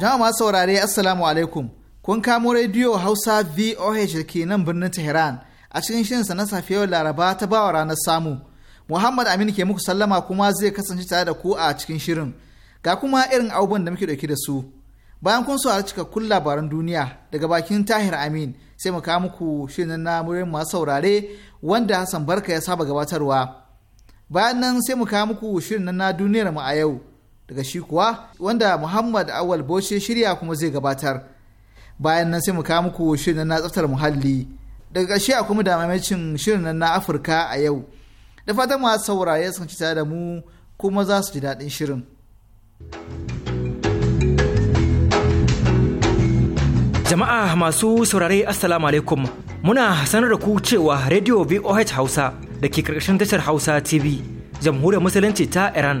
Jama'a masu saurare Assalamu alaikum. Kun kamo rediyo Hausa VOH da ke nan birnin Tehran a cikin shirin sa na safiyar Laraba ta bawa ranar samu. Muhammad Aminu ke muku sallama kuma zai kasance tare da ku a cikin shirin. Ga kuma irin abubuwan da muke dauke da su. Bayan kun saurari cikakkun labaran duniya daga bakin Tahir Amin sai mu kawo muku shirin na murin masu saurare wanda Hassan Barka ya saba gabatarwa. Bayan nan sai mu kawo muku shirin na duniyar mu a yau. daga shi kuwa wanda Muhammad Awal Boshe shirya kuma zai gabatar. Bayan nan sai mu kawo muku shirin na tsaftar muhalli. Daga ƙarshe a kuma damamacin shirin na Afirka a yau. Da fatan masu saurare sun ci da mu kuma za su ji daɗin shirin. Jama'a masu saurare Assalamu alaikum muna sanar da ku cewa Radio VOH Hausa da ke karkashin tashar Hausa TV jamhuriyar musulunci ta Iran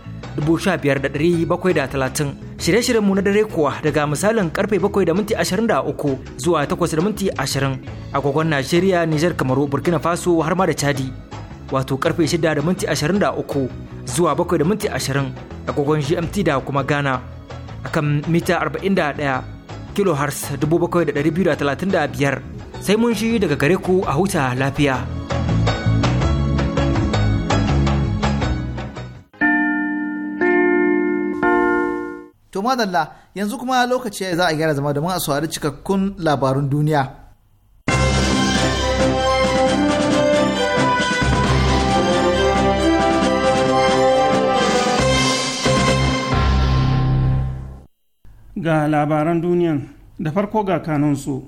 15730. Shirye-shiryenmu na dare kuwa daga misalin karfe 7 da minti zuwa 8 da minti 20 Najeriya, Nijar, Kamaru, Burkina Faso har ma da Chadi. Wato karfe 6:23 da minti zuwa 7 da minti 20 GMT da kuma Ghana. Akan mita 41 kilohertz 7235 sai mun shi daga gare ku a huta lafiya. To madalla yanzu kuma lokaci za a gyara zama da a saurari cikakkun labarun duniya. Ga labaran duniyan da farko ga kanunsu.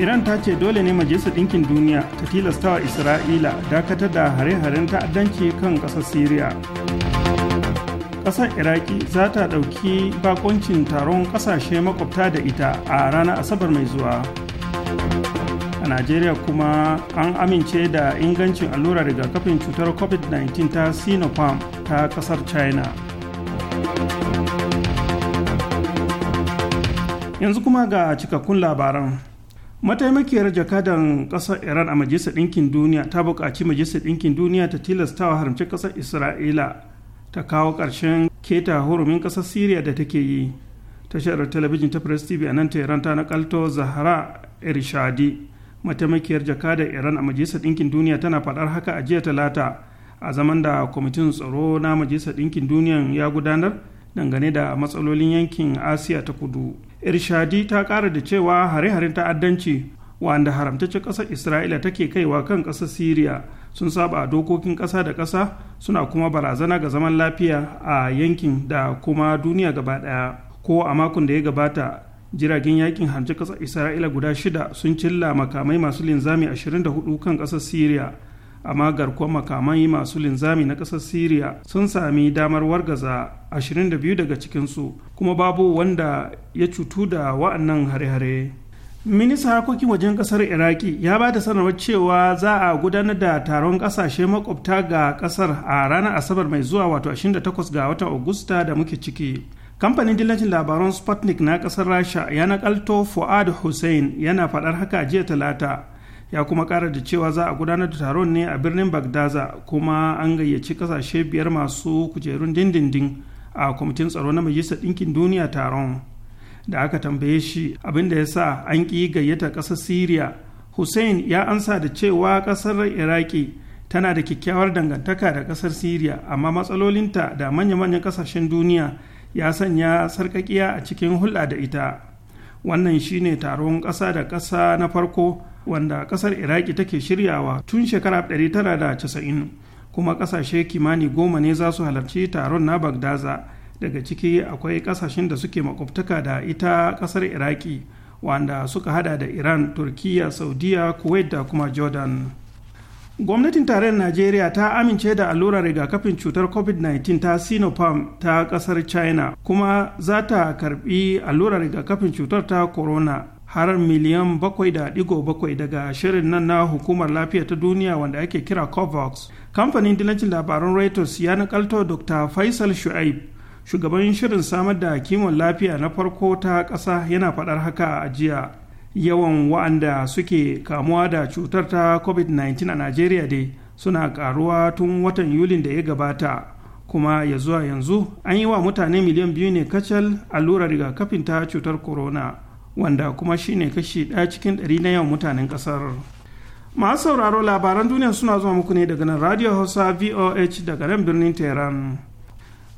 iran ta ce dole ne majalisar ɗinkin duniya ta tilastawa isra'ila dakatar da hare-haren ta'addanci kan ƙasar syria ƙasar iraki za ta ɗauki bakoncin taron ƙasashe makwabta da ita a ranar asabar mai zuwa a najeriya kuma an amince da ingancin allura allurar kafin cutar covid-19 ta sinopharm ta ƙasar china yanzu kuma ga cikakkun labaran mataimakiyar jakadan ƙasar iran a majalisar ɗinkin duniya ta buƙaci majalisar ɗinkin duniya ta tilasta wa haramci kasar isra'ila ta kawo ƙarshen keta hurumin ƙasar syria da take yi tashar talabijin ta press tv a nan tehran ta nakalto zahara irshadi mataimakiyar jakadan iran a majalisar ɗinkin duniya tana faɗar haka a jiya talata a zaman da kwamitin tsaro na majalisar ɗinkin duniya ya gudanar dangane da matsalolin yankin asiya ta kudu irshadi ta kara da cewa hare-haren ta'addanci wanda haramtaccen ƙasar isra'ila take kaiwa kan ƙasar syria sun saba dokokin ƙasa da ƙasa suna kuma barazana ga zaman lafiya a yankin da kuma duniya gaba ɗaya ko a makon da ya gabata jiragen yakin harci ƙasar isra'ila guda shida sun cilla makamai masu linzami 24 kan ƙasar syria amma garkuwar makamai masu linzami na ƙasar syria sun sami damar wargaza 22 daga cikinsu kuma babu wanda ya cutu da wa'annan hare-hare ministan harkokin wajen ƙasar iraki ya ba da sanarwar cewa za a gudanar da taron kasashe makwabta ga ƙasar a ranar asabar mai zuwa wato 28 ga watan augusta da muke ciki kamfanin dillacin labaran sputnik na ƙasar rasha ya nakalto fuad hussein yana faɗar haka jiya talata ya kuma kara da cewa za a gudanar da taron ne a birnin bagdaza kuma an gayyaci kasashe biyar masu kujerun dindindin a kwamitin tsaro na majalisar ɗinkin duniya taron da aka tambaye shi abin da ya sa an ƙi gayyata ƙasar syria hussein ya ansa da cewa ƙasar iraki tana da kyakkyawar dangantaka da ƙasar syria amma matsalolinta da manya-manyan ƙasashen duniya ya sanya sarƙaƙiya a cikin hulɗa da ita wannan shine taron ƙasa da ƙasa na farko wanda kasar iraki take shiryawa tun shekara 1990 kuma kasashe kimani goma ne za su halarci taron na bagdaza daga ciki akwai kasashen da suke makwabtaka da ita kasar iraki wanda suka hada da iran turkiya saudiya kuwait da kuma jordan gwamnatin tarayyar najeriya ta amince da allurar rigakafin cutar covid-19 ta sinopharm ta kasar china kuma za ta karbi allurar rigakafin cutar ta corona har miliyan bakwai da 7.7 daga shirin nan na hukumar lafiya ta duniya wanda ake kira covax kamfanin dilancin labaran reuters ya nakalto dr faisal shu'aib shugaban shirin samar da kiwon lafiya na farko ta ƙasa yana faɗar haka a jiya yawan wa'anda suke kamuwa da cutar ta covid-19 a najeriya dai suna ƙaruwa tun watan yulin da ya gabata kuma ya zuwa yanzu an yi wa mutane miliyan biyu ne kacal allurar rigakafin ta cutar corona. wanda kuma shine kashi ɗaya cikin ɗari na yawan mutanen ƙasar masu sauraro labaran duniya suna zuwa muku ne daga nan radio hausa voh daga nan birnin tehran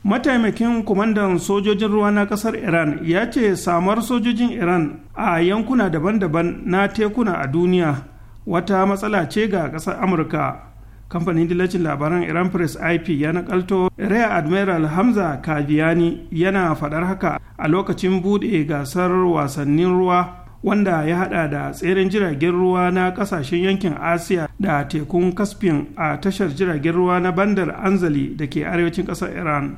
mataimakin kwamandan sojojin ruwa na ƙasar iran ya ce samar sojojin iran a yankuna daban-daban na tekuna a duniya wata matsala ce ga ƙasar amurka kamfanin dillacin labaran iran press ip ya nakalto rear admiral hamza kaviyani yana faɗar haka a lokacin buɗe gasar wasannin ruwa wanda ya hada da tseren jiragen ruwa na kasashen yankin asiya da tekun caspian a tashar jiragen ruwa na bandar anzali da ke arewacin ƙasar iran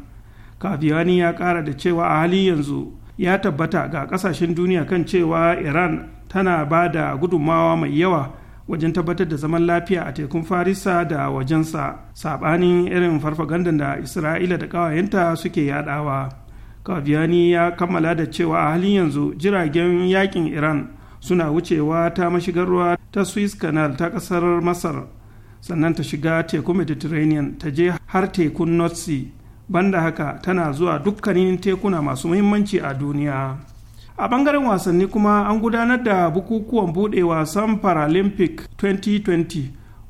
kaviyani ya ƙara da cewa a halin yanzu ya tabbata ga kasashen duniya kan cewa iran tana ba da gudunmawa mai yawa wajen tabbatar da zaman lafiya a tekun farisa da wajensa saɓanin irin farfagandan da isra'ila da ƙawayenta suke yadawa kaviyani ya kammala da cewa a halin yanzu jiragen yakin iran suna wucewa ta mashigar ruwa ta swiss canal ta ƙasar masar sannan ta shiga tekun mediterranean ta je har tekun north sea banda haka tana zuwa dukkanin tekuna masu muhimmanci a duniya a bangaren wasanni kuma an gudanar da bukukuwan buɗe wasan paralympic 2020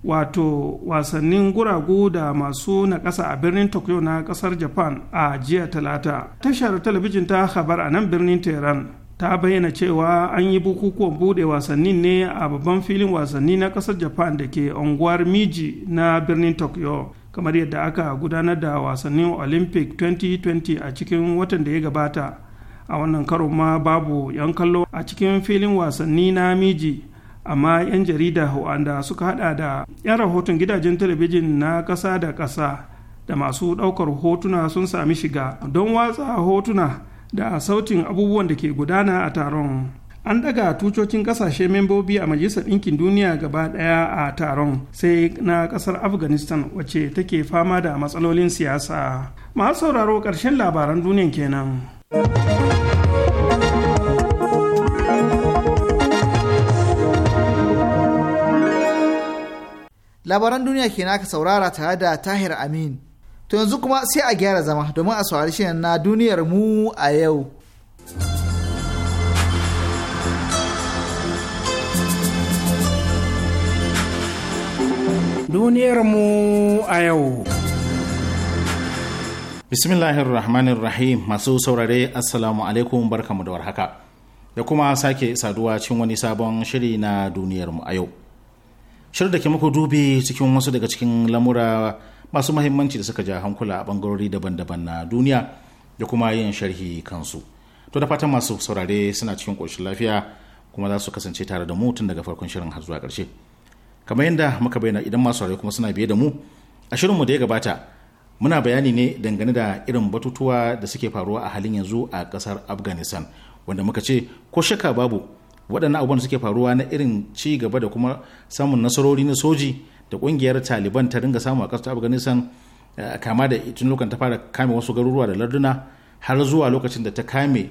wato wasannin guragu da masu na ƙasa a birnin tokyo na ƙasar japan a jiya talata tashar talabijin ta habar a nan birnin tehran ta bayyana cewa an yi bukukuwan buɗe wasannin ne a babban filin wasanni na ƙasar japan da ke unguwar miji na birnin tokyo kamar yadda aka gudanar da wasannin olympic 2020 a cikin watan da ya gabata a wannan karon ma babu 'yan kallo a cikin filin wasanni na miji amma 'yan jarida wanda suka hada da 'yan rahoton gidajen talabijin na ƙasa da ƙasa da masu ɗaukar hotuna sun sami shiga don watsa hotuna da sautin abubuwan da ke gudana a taron an daga tucocin kasashe membobi a majalisar ɗinkin duniya gaba ɗaya a taron sai na ƙasar afghanistan wacce take fama da matsalolin siyasa masu sauraro ƙarshen labaran duniyan kenan. labaran duniya ke naka saurara tare da tahir amin to yanzu kuma sai a gyara zama domin a saurari shirin na duniyar mu a yau duniyar mu a yau bismillahir rahmanir rahim masu saurare assalamu alaikum barkamu da warhaka da kuma sake saduwa cikin wani sabon shiri na duniyar mu a yau shirin da ke muku dubi cikin wasu daga cikin lamura masu mahimmanci da suka ja hankula a bangarori daban-daban na duniya da kuma yin sharhi kansu to da fatan masu saurare suna cikin ƙoshin lafiya kuma za su kasance tare da mu tun daga farkon shirin har zuwa ƙarshe kamar yadda muka bayyana idan masu saurare kuma suna biye da mu a shirinmu da ya gabata muna bayani ne dangane da irin batutuwa da suke faruwa a halin yanzu a kasar afghanistan wanda muka ce ko shaka babu waɗannan abubuwan suke faruwa na irin ci gaba da kuma samun nasarori na soji da ƙungiyar taliban ta dinga samu a kasar afghanistan eh, kama da tun lokacin ta fara kame wasu garuruwa da larduna har zuwa lokacin da ta kame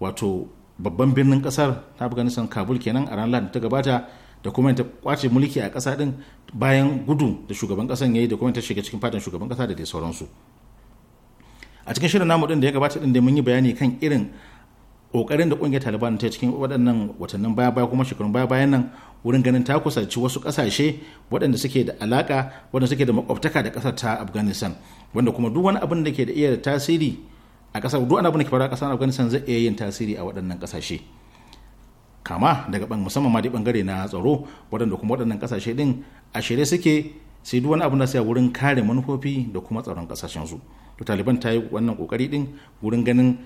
wato babban birnin kasar ta afghanistan kabul kenan a ranar da ta gabata da kuma ta kwace mulki a kasa din bayan gudu da shugaban kasan ya yi da kuma ta shiga cikin fatan shugaban kasa da dai sauransu a cikin shirin namu din da ya gabata din da mun yi bayani kan irin kokarin da kungiyar taliban ta cikin waɗannan watannin baya baya kuma shekarun baya bayan nan wurin ganin ta kusanci wasu ƙasashe waɗanda suke da alaka waɗanda suke da makwabtaka da ƙasar ta afghanistan wanda kuma duk wani abin da ke da iya tasiri a ƙasar duk wani abin da ke faruwa a ƙasar afghanistan zai iya yin tasiri a waɗannan ƙasashe kama daga ban musamman ma da bangare na tsaro waɗanda kuma waɗannan ƙasashe ɗin a shirye suke sai duk wani abu na sai wurin kare manufofi da kuma tsaron ƙasashen su to taliban ta yi wannan ƙoƙari ɗin wurin ganin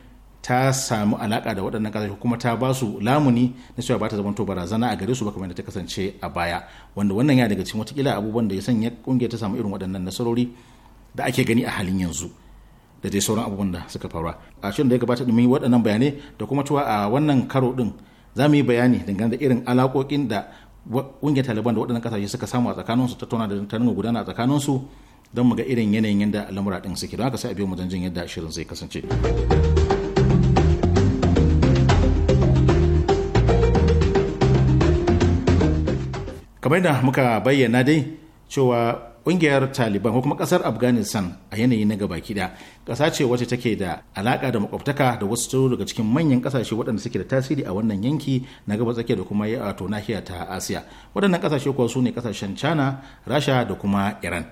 ta samu alaƙa da waɗannan ƙasashe kuma ta ba su lamuni na cewa ba ta zamanto barazana a gare su ba kamar da ta kasance a baya wanda wannan ya daga cikin watakila abubuwan da ya sanya ƙungiyar ta samu irin waɗannan nasarori da ake gani a halin yanzu da dai sauran abubuwan da suka faru a shirin da ya gabata yi waɗannan bayanai da kuma cewa a wannan karo ɗin za mu yi bayani dangane da irin alaƙoƙin da ƙungiyar taliban da waɗannan ƙasashe suka samu a tsakaninsu tattauna da ta ringa gudana a tsakaninsu don mu ga irin yanayin yadda lamura ɗin suke don haka sai a biyo mu don jin yadda shirin zai kasance. kamar da muka bayyana dai cewa kungiyar taliban ko kuma kasar afghanistan a yanayi na gaba kiɗa ƙasa ce wacce take da alaƙa da makwabtaka da wasu daga cikin manyan ƙasashe waɗanda suke da tasiri a wannan yanki na gaba tsakiya da kuma wato nahiya ta asiya waɗannan ƙasashe kuwa su ne ƙasashen china rasha da kuma iran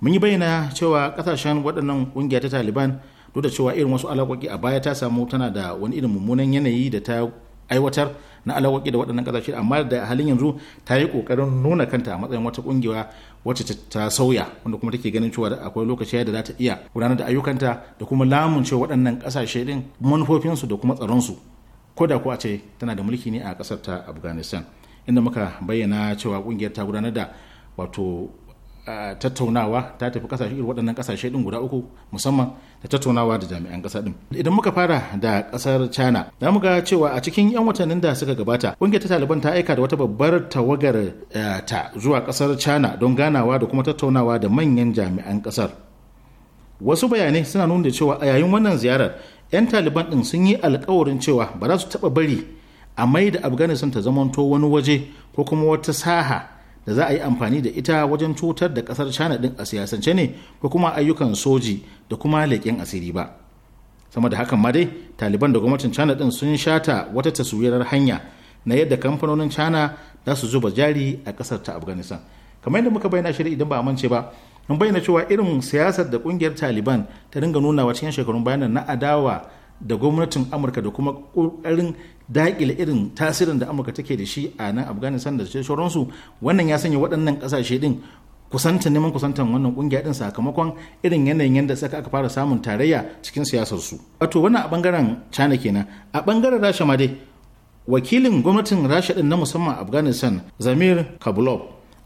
mun yi bayyana cewa ƙasashen waɗannan ƙungiya ta taliban duk da cewa irin wasu alaƙoƙi a baya ta samu tana da wani irin mummunan yanayi da ta aiwatar na alaƙoƙi da waɗannan ƙasashe amma da halin yanzu ta yi ƙoƙarin nuna kanta a matsayin wata ƙungiya wacce ta sauya wanda kuma take ganin cewa akwai lokaci da za ta iya gudanar da ayyukanta da kuma lamun cewa waɗannan ƙasashe ɗin manufofinsu da kuma tsaronsu ko da kuwa ce tana da mulki ne a ƙasar ta afghanistan inda muka bayyana cewa ƙungiyar ta gudanar da wato tattaunawa ta tafi kasashe irin waɗannan kasashe din guda uku musamman da tattaunawa da jami'an ƙasa din idan muka fara da ƙasar china za mu ga cewa a cikin 'yan watannin da suka gabata ƙungiyar ta taliban ta aika da wata babbar tawagar eh, ta zuwa ƙasar china don ganawa da kuma tattaunawa da manyan jami'an ƙasar wasu bayanai suna nuna da cewa a yayin wannan ziyarar 'yan taliban ɗin sun yi alkawarin cewa ba za su taɓa bari a mai da afghanistan ta zamanto wani waje ko kuma wata saha da za a yi amfani da ita wajen cutar da kasar china din a siyasance ne ko kuma ayyukan soji da kuma leƙen asiri ba sama da hakan ma dai taliban da gwamnatin china din sun shata wata taswirar hanya na yadda kamfanonin china za su zuba jari a kasar ta afghanistan kamar yadda muka bayyana shirin idan ba a mance ba mun bayyana cewa irin siyasar da kungiyar taliban ta dinga nunawa cikin shekarun bayanan na adawa da gwamnatin amurka da kuma ƙoƙarin daƙile irin tasirin da amurka take da shi a nan afghanistan da sauransu wannan ya sanya waɗannan ƙasashe ɗin kusanta neman kusantan wannan kungiya din sakamakon irin yanayin yadda saka aka fara samun tarayya cikin siyasar su wato wannan a bangaren china kenan a ɓangaren rasha ma dai wakilin gwamnatin rasha din na musamman afghanistan zamir kabulov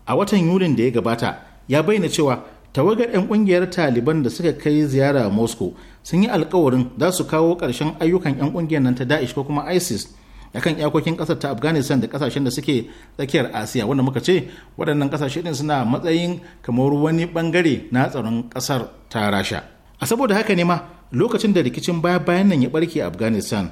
a watan yulin da ya gabata ya bayyana cewa tawagar 'yan kungiyar taliban da suka kai ziyara a moscow sun yi alkawarin za su kawo ƙarshen ayyukan 'yan kungiyar nan ta daesh ko kuma isis a kan iyakokin ƙasar ta afghanistan da ƙasashen da suke tsakiyar asiya wanda muka ce waɗannan ƙasashe ɗin suna matsayin kamar wani ɓangare na tsaron ƙasar ta rasha a saboda haka ne ma lokacin da rikicin baya bayan nan ya barke a afghanistan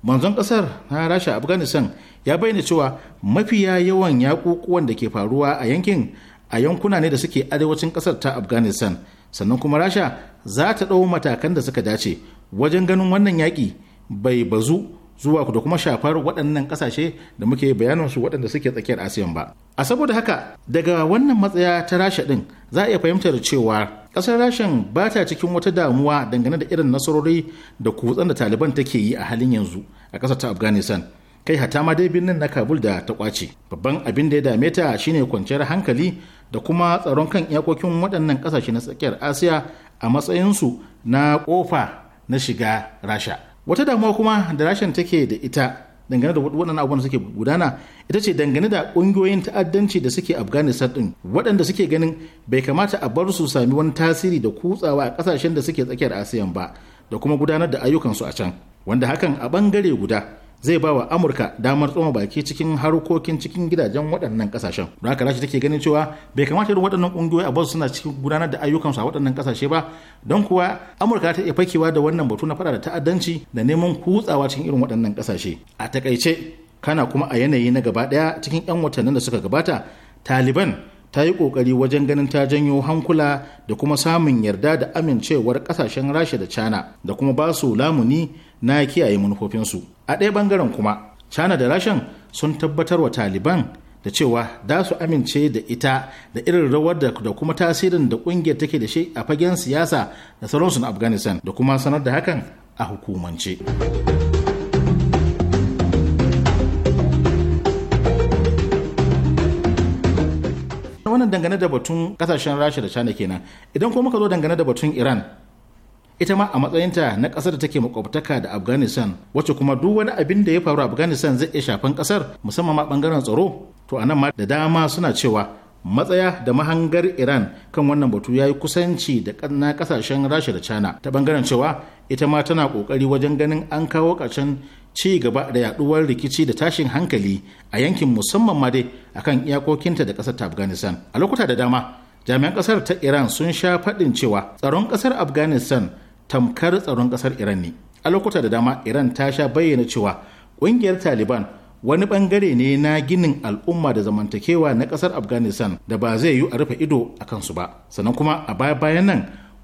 manzon ƙasar na rasha afghanistan ya bayyana cewa mafiya yawan yaƙuƙuwan da ke faruwa a yankin a yankuna ne da suke arewacin kasar ta afghanistan sannan kuma rasha za ta ɗau matakan da suka dace wajen ganin wannan yaƙi bai bazu zuwa da kuma shafar waɗannan ƙasashe da muke bayanin su waɗanda suke tsakiyar asiyan ba a saboda haka daga wannan matsaya ta rasha ɗin za a iya fahimtar cewa ƙasar rashin ba ta cikin wata damuwa dangane da irin nasarori da kutsen da taliban take yi a halin yanzu a ƙasar ta afghanistan kai hata ma dai birnin na kabul da ta kwace babban abin da ya dame ta shine kwanciyar hankali da kuma tsaron kan iyakokin waɗannan ƙasashe na tsakiyar asiya a matsayinsu na ƙofa na shiga rasha wata damuwa kuma da rashin take da ita dangane da waɗannan abubuwan suke gudana ita ce dangane da ƙungiyoyin ta'addanci da suke afghanistan ɗin waɗanda suke ganin bai kamata a bar su sami wani tasiri da kutsawa a ƙasashen da suke tsakiyar asiyan ba da kuma gudanar da ayyukansu a can wanda hakan a ɓangare guda zai ba wa amurka damar tsoma baki cikin harkokin cikin gidajen waɗannan ƙasashen don haka rashi take ganin cewa bai kamata irin waɗannan ƙungiyoyi a basu suna cikin gudanar da ayyukansu a waɗannan ƙasashe ba don kuwa amurka ta iya fakewa da wannan batu na faɗa da ta'addanci da neman kutsawa cikin irin waɗannan ƙasashe a takaice kana kuma a yanayi na gaba ɗaya cikin 'yan watannin da suka gabata taliban ta yi kokari wajen ganin ta janyo hankula da kuma samun yarda da amincewar ƙasashen rasha da china da kuma ba su lamuni na kiyaye manufofinsu a ɗaya bangaren kuma china da rashan sun tabbatar wa taliban da cewa da su amince da ita da irin rawar da kuma tasirin da ƙungiyar take da shi a fagen siyasa da sauransu na afghanistan da kuma sanar da hakan a hukumance wannan dangane da batun kasashen rasha da china kenan idan kuma muka zo dangane da batun iran ita ma a matsayinta na ƙasar da take makwabtaka da afghanistan wacce kuma duk wani abin da ya faru afghanistan zai iya shafan ƙasar musamman ma ɓangaren tsaro to a nan ma da dama suna cewa matsaya da mahangar iran kan wannan batu ya yi kusanci da na ƙasashen rasha da china ta ɓangaren cewa ita ma tana ƙoƙari wajen ganin an kawo ƙarshen ci gaba da yaduwar rikici da tashin hankali a yankin musamman ma dai akan iyakokinta da ƙasar ta afghanistan a lokuta da dama jami'an ƙasar ta iran sun sha faɗin cewa tsaron ƙasar afghanistan tamkar tsaron kasar iran ne a lokuta da dama iran ta sha bayyana cewa ƙungiyar taliban wani bangare ne na ginin al'umma da zamantakewa na kasar afghanistan da ba zai yi a rufe ido a kansu ba sannan kuma a baya bayan nan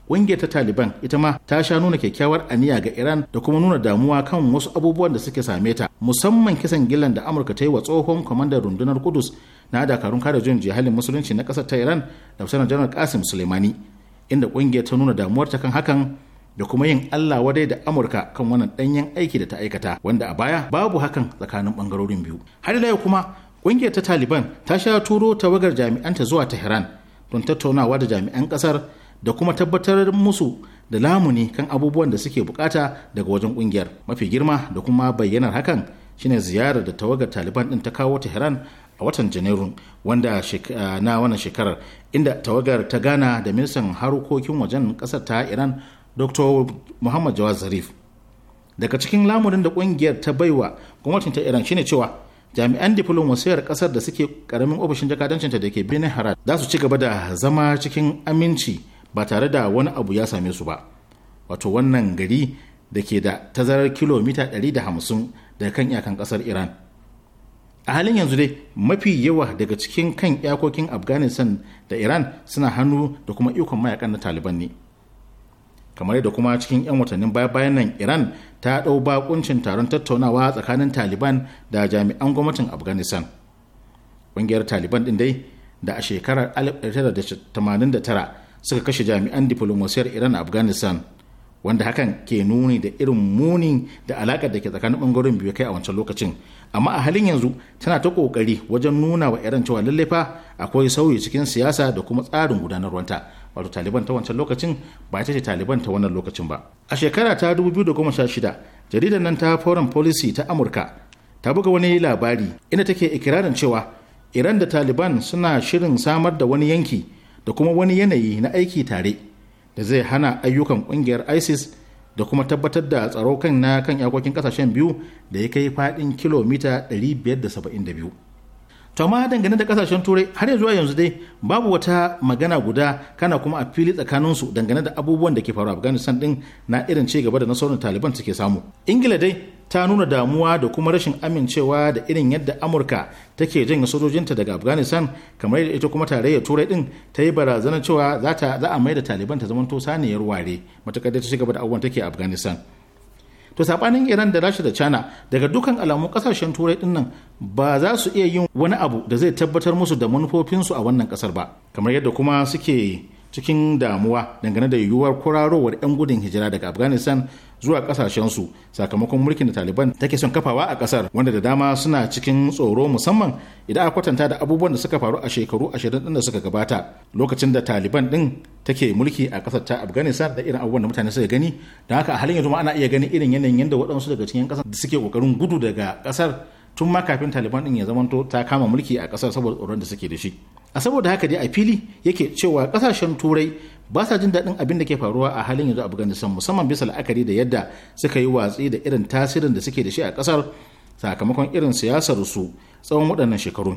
ƙungiyar ta taliban ita ma ta sha nuna kyakkyawar aniya ga iran da kuma nuna damuwa kan wasu abubuwan da suke same ta musamman kisan gillan da amurka ta yi wa tsohon kwamandan rundunar kudus na dakarun kare jin jihalin musulunci na kasar ta iran da sanar janar kasim suleimani inda ƙungiyar ta nuna damuwarta kan hakan da kuma yin Allah wadai da Amurka kan wannan danyen aiki da ta aikata wanda a baya babu hakan tsakanin bangarorin biyu. Har ila kuma ƙungiyar ta Taliban ta sha turo tawagar jami'anta zuwa Tehran don tattaunawa da jami'an ƙasar da kuma tabbatar musu da lamuni kan abubuwan da suke bukata daga wajen ƙungiyar. Mafi girma da kuma bayyanar hakan shine ziyarar da tawagar Taliban din ta kawo Tehran a watan janairu wanda na wannan shekarar inda tawagar ta gana da ministan harkokin wajen ƙasar ta iran dr muhammad jawad zarif daga cikin lamurin da kungiyar ta baiwa gwamnatin ta iran shine cewa jami'an diflomasiyar kasar da suke karamin ofishin ta da ke birnin harad za su ci gaba da zama cikin aminci ba tare da wani abu ya same su ba wato wannan gari da ke da tazarar kilomita 150 daga kan iyakan kasar iran a halin yanzu dai mafi yawa daga cikin kan iyakokin afghanistan da iran suna hannu da kuma ikon mayakan na taliban ne kamar yadda kuma cikin 'yan watannin baya-bayan nan iran ta ɗau bakuncin taron tattaunawa tsakanin taliban da jami'an gwamnatin afghanistan ƙungiyar taliban ɗin dai da a shekarar 1989 suka kashe jami'an diflomasiyar iran a afghanistan wanda hakan ke nuni da irin muni da alaƙar da ke tsakanin ɓangaren biyu kai a wancan lokacin amma a halin yanzu tana ta ƙoƙari wajen nuna wa iran cewa lallai fa akwai sauyi cikin siyasa da kuma tsarin gudanarwanta wato taliban ta wancan lokacin ba ita ce taliban ta wannan lokacin ba a shekara ta 2016 jaridar nan ta foreign policy ta amurka ta buga wani labari inda take ikirarin cewa iran da taliban suna shirin samar da wani yanki da kuma wani yanayi na aiki tare da zai hana ayyukan kungiyar isis da kuma tabbatar da tsaro kan na kan yakokin kasashen biyu da ya kai faɗin kilomita 572 to ma dangane da kasashen turai har yanzu yanzu dai babu wata magana guda kana kuma a fili tsakaninsu dangane da abubuwan da ke faru afghanistan din na irin ci gaba da nasarar taliban suke samu ingila dai ta nuna damuwa da kuma rashin amincewa da irin yadda amurka take janye sojojinta daga afghanistan kamar yadda ita kuma tarayyar turai din ta yi barazanar cewa za a mai da taliban ta zamanto saniyar ware matakar da ta ci gaba da abubuwan take afghanistan to sabanin iran da rasha da china daga dukan alamun kasashen turai dinnan ba za su iya yin wani abu da zai tabbatar musu da manufofinsu a wannan kasar ba kamar yadda kuma suke cikin damuwa dangane da yiwuwar kwararowar 'yan gudun hijira daga afghanistan zuwa kasashensu sakamakon mulkin da taliban take son kafawa a kasar wanda da dama suna cikin tsoro musamman idan a kwatanta da abubuwan da suka faru a shekaru ashirin din da suka gabata lokacin da taliban din take mulki a kasar ta afghanistan da irin abubuwan da mutane suka gani don haka a halin yanzu ma ana iya ganin irin yanayin yadda waɗansu daga cikin kasar da suke kokarin gudu daga kasar tun ma kafin taliban din ya zamanto ta kama mulki a kasar saboda tsoron da suke da shi a saboda haka dai a fili yake cewa kasashen turai ba sa jin daɗin abin da ke faruwa a halin yanzu afghanistan musamman bisa la'akari da yadda suka yi watsi da irin tasirin da suke da shi a ƙasar sakamakon irin siyasar su tsawon waɗannan shekaru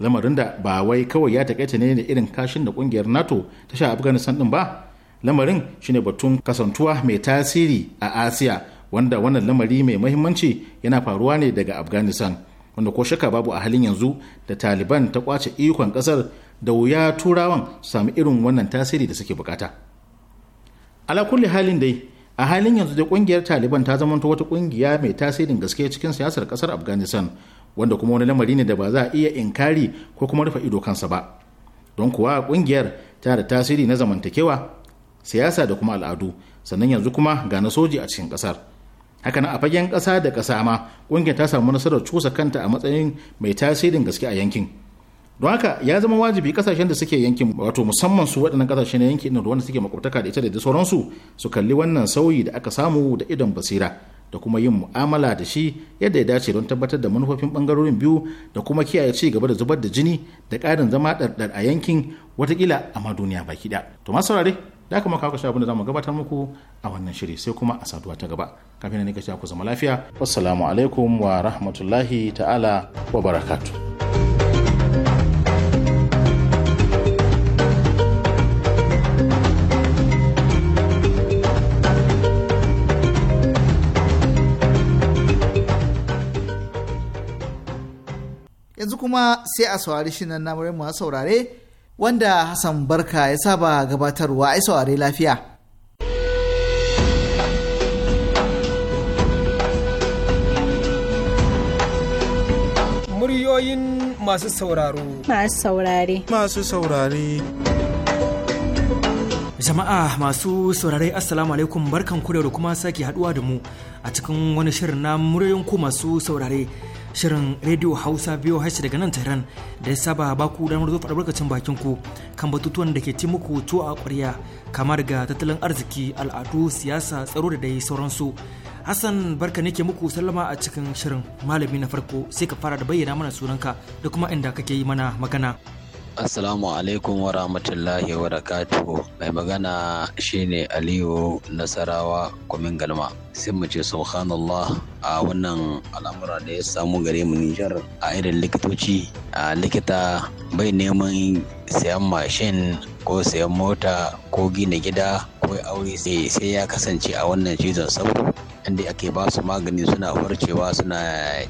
lamarin da ba wai kawai ya taƙaita ne da irin kashin da ƙungiyar nato ta sha afghanistan ɗin ba lamarin shine batun kasantuwa mai tasiri a asiya wanda wannan lamari mai mahimmanci yana faruwa ne daga afghanistan wanda ko shaka babu a halin yanzu da taliban ta kwace ikon ƙasar. da wuya turawan samu irin wannan tasiri da suke bukata ala kulli halin dai a halin yanzu da kungiyar taliban ta zamanto wata kungiya mai tasirin gaske cikin siyasar kasar afghanistan wanda kuma wani lamari ne da ba za a iya inkari ko kuma rufe ido kansa ba don kuwa kungiyar ta da tasiri na zamantakewa siyasa da kuma al'adu sannan yanzu kuma ga na soji a cikin kasar hakanan a fagen kasa da kasa ma kungiyar ta samu nasarar cusa kanta a matsayin mai tasirin gaske a yankin don haka ya zama wajibi kasashen da suke yankin wato musamman su waɗannan kasashen na yankin da wanda suke makwabtaka da ita da sauransu su kalli wannan sauyi da aka samu da idon basira da kuma yin mu'amala da shi yadda ya dace don tabbatar da manufofin bangarorin biyu da kuma kiyaye ci gaba da zubar da jini da ƙarin zama ɗarɗar a yankin watakila a ma duniya baki ɗaya to masu saurare da kuma kawo kashe abin da mu gabatar muku a wannan shiri sai kuma a saduwa ta gaba kafin na kashe ku zama lafiya wassalamu alaikum wa rahmatullahi ta'ala wa barakatuh yanzu kuma sai a saurari shi nan namarin masu saurare wanda Hassan Barka ya saba gabatarwa ai saurare lafiya. Muryoyin masu sauraro. Masu saurare. Masu saurare. Jama'a masu saurare Assalamu alaikum barkan ku da kuma sake haduwa da mu a cikin wani shirin na muryoyin ku masu saurare. shirin rediyo hausa biyu hashi daga nan tehran da ya saba baku damar zuwa faɗa barkacin bakin ku kan batutuwan da ke ci muku tuwo a ƙwarya kamar ga tattalin arziki al'adu siyasa tsaro da dai sauransu hassan barka ne ke muku sallama a cikin shirin malami na farko sai ka fara da bayyana mana sunanka da kuma inda kake yi mana magana. Assalamu alaikum wa rahmatullahi wa barakatuhu mai magana shine Aliyu Nasarawa Kwamin Galma. Sai mu ce subhanallah a wannan al'amura da ya samu gare mu Nijar a irin likitoci a likita bai neman sayan mashin ko sayan mota ko gina gida ko aure sai ya kasance a wannan cizon sauro inda ake ba su magani suna farcewa suna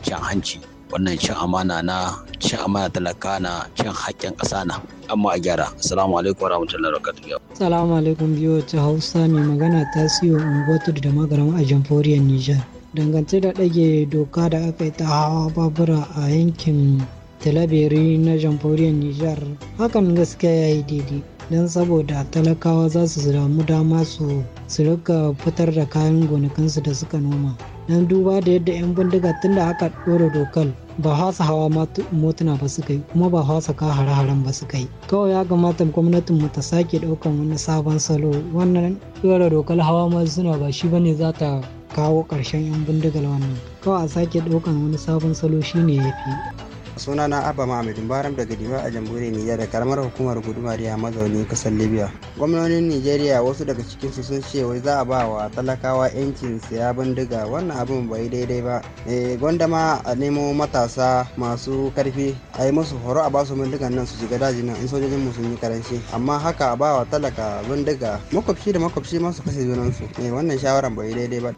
cin hanci wannan cin amana na cin amana talaka na cin haƙƙin ƙasa na amma a gyara assalamu alaikum warahmatullahi wabarakatuh assalamu alaikum biyo ta hausa mai magana ta siyo unguwatu da magaram a jamhuriyar Nijar. dangance da ɗage doka da aka yi ta hawa babura a yankin talabiri na jamhuriyar Nijar hakan gaskiya ya yi daidai don saboda talakawa za su damu dama su su rika fitar da kayan gonakinsu da suka noma don duba da yadda 'yan bindiga tun da aka ɗora dokar ba hasa hawa motuna ba su kai kuma ba hasa ka hare-haren ba su kai kawai ya kamata gwamnatin mu ta sake ɗaukan wani sabon salo wannan ɗora dokar hawa ma suna ba shi bane za ta kawo ƙarshen 'yan bindigar wannan kawai a sake ɗaukan wani sabon salo shine ya fi suna na abba mahamudin baram daga dima a jamhuriyar nijar da karamar hukumar gudumariya mazauni kasar libya gwamnonin nijeriya wasu daga cikin su sun ce wai za a ba wa talakawa yancin siya bindiga wannan abin bai daidai ba eh, gwanda ma a nemo matasa masu karfi a yi musu horo a basu bindigan nan su shiga daji nan in sojojin mu sun yi karanci amma haka a ba wa talaka bindiga makwabci da makwabci masu kashe junansu eh, wannan shawaran bai daidai ba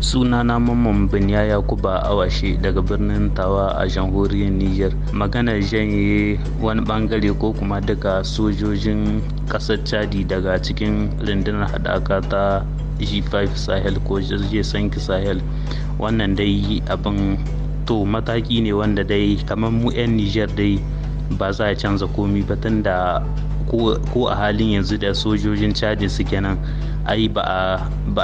sunana mamman ya yakuba awashe daga birnin tawa a jamhuriyar niger maganar janye wani bangare ko kuma daga sojojin kasar chadi daga cikin rundunar haɗaka ta g5 sahel ko jirgin sanki sahel wannan dai abin to mataki ne wanda dai kamar mu 'yan niger dai ba za a canza komi ba tunda ko a halin yanzu da sojojin chadi suke nan ai ba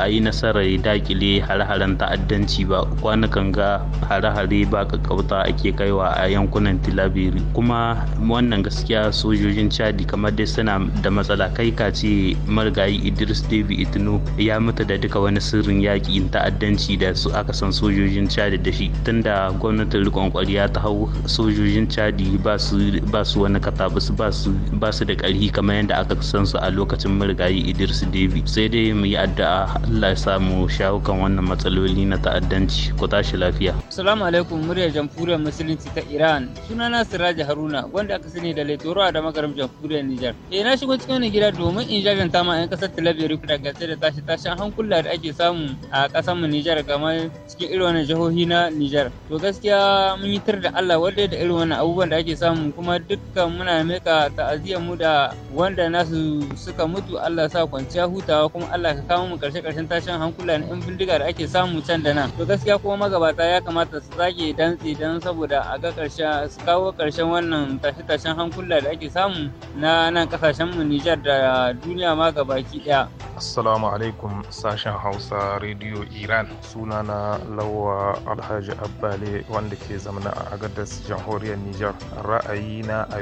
a yi nasarar dakile hare-haren ta'addanci ba kwanukan ga hare-hare ba kakkauta ake kaiwa a yankunan tilabiri kuma wannan gaskiya sojojin chadi kamar dai suna da matsala kai ka ce marigayi idris david itno ya mutu da duka wani sirrin yakin ta'addanci da su aka san sojojin chadi da shi tun da gwamnatin rikon kwariya ta hau sojojin chadi ba su wani kata ba su da ƙari yi kamar yadda aka san su a lokacin marigayi Idris Debi sai dai mu yi addu'a Allah ya samu shawo kan wannan matsaloli na ta'addanci ku tashi lafiya assalamu alaikum murya jamhuriyar musulunci ta Iran sunana Siraji Haruna wanda aka sani da Laitoro da makarim jamhuriyar Nijar eh na shigo cikin wani gida domin in jajanta ma 'yan kasar Talabiyar gaske da tashi tashin hankula da ake samu a kasar mu Nijar kamar cikin irin wannan jihohi na Nijar to gaskiya mun yi tar da Allah wadda da irin wannan abubuwan da ake samu kuma dukkan muna mika ta'aziyar mu da wanda nasu suka mutu Allah sa kwanciya hutawa kuma Allah ka kawo mu karshe karshen tashin hankula na yan bindiga da ake samu can da nan to gaskiya kuma magabata ya kamata su zage dantse dan saboda a ga karshe su kawo karshen wannan tashin tashen hankula da ake samu na nan kasashen mu Nijar da duniya ma ga baki daya Assalamu alaikum sashen Hausa Radio Iran sunana Lawa Alhaji Abbali wanda ke zamana a Agadez jamhuriyar Nijar ra'ayina a